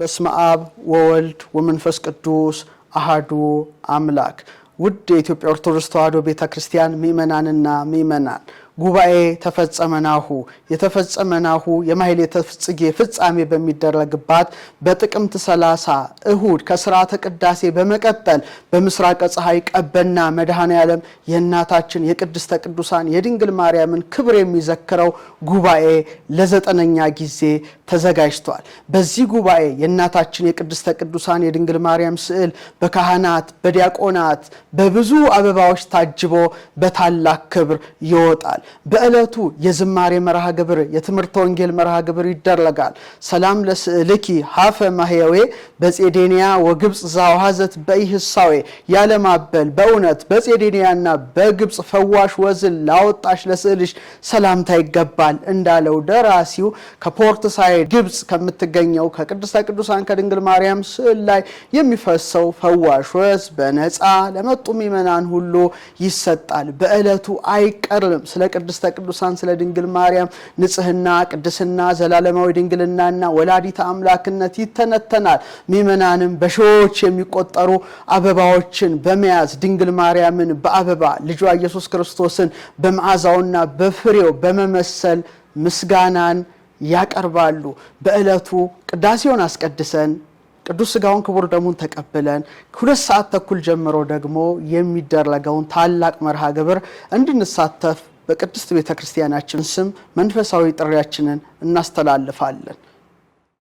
በስመ አብ ወወልድ ወመንፈስ ቅዱስ አህዱ አምላክ። ውድ የኢትዮጵያ ኦርቶዶክስ ተዋሕዶ ቤተ ክርስቲያን ምእመናንና ምእመናን ጉባኤ ተፈጸመናሁ የተፈጸመናሁ የተፈጸመ ጽጌ ፍጻሜ በሚደረግባት በጥቅምት 30 እሁድ ከስርዓተ ቅዳሴ በመቀጠል በምስራቀ ፀሐይ ቀበና መድኃኔ ዓለም የእናታችን የቅድስተ ቅዱሳን የድንግል ማርያምን ክብር የሚዘክረው ጉባኤ ለዘጠነኛ ጊዜ ተዘጋጅቷል። በዚህ ጉባኤ የእናታችን የቅድስተ ቅዱሳን የድንግል ማርያም ስዕል በካህናት በዲያቆናት በብዙ አበባዎች ታጅቦ በታላቅ ክብር ይወጣል። ይደረጋል። በዕለቱ የዝማሬ መርሃ ግብር፣ የትምህርተ ወንጌል መርሃ ግብር ይደረጋል። ሰላም ለስዕልኪ ሀፈ ማህያዌ በጼዴንያ ወግብፅ ዛውሃዘት በኢህሳዌ ያለማበል በእውነት በጼዴንያና በግብፅ ፈዋሽ ወዝን ላወጣሽ ለስዕልሽ ሰላምታ ይገባል እንዳለው ደራሲው ከፖርት ሳይድ ግብፅ ከምትገኘው ከቅድስተ ቅዱሳን ከድንግል ማርያም ስዕል ላይ የሚፈሰው ፈዋሽ ወዝ በነፃ ለመጡ ምዕመናን ሁሉ ይሰጣል። በዕለቱ አይቀርም። ስለ ቅድስተ ቅዱሳን ስለ ድንግል ማርያም ንጽህና፣ ቅድስና፣ ዘላለማዊ ድንግልናና ወላዲት አምላክነት ይተነተናል። ሚመናንም በሺዎች የሚቆጠሩ አበባዎችን በመያዝ ድንግል ማርያምን በአበባ ልጇ ኢየሱስ ክርስቶስን በመዓዛውና በፍሬው በመመሰል ምስጋናን ያቀርባሉ። በእለቱ ቅዳሴውን አስቀድሰን ቅዱስ ስጋውን ክቡር ደሙን ተቀብለን ሁለት ሰዓት ተኩል ጀምሮ ደግሞ የሚደረገውን ታላቅ መርሃ ግብር እንድንሳተፍ በቅድስት ቤተ ክርስቲያናችን ስም መንፈሳዊ ጥሪያችንን እናስተላልፋለን።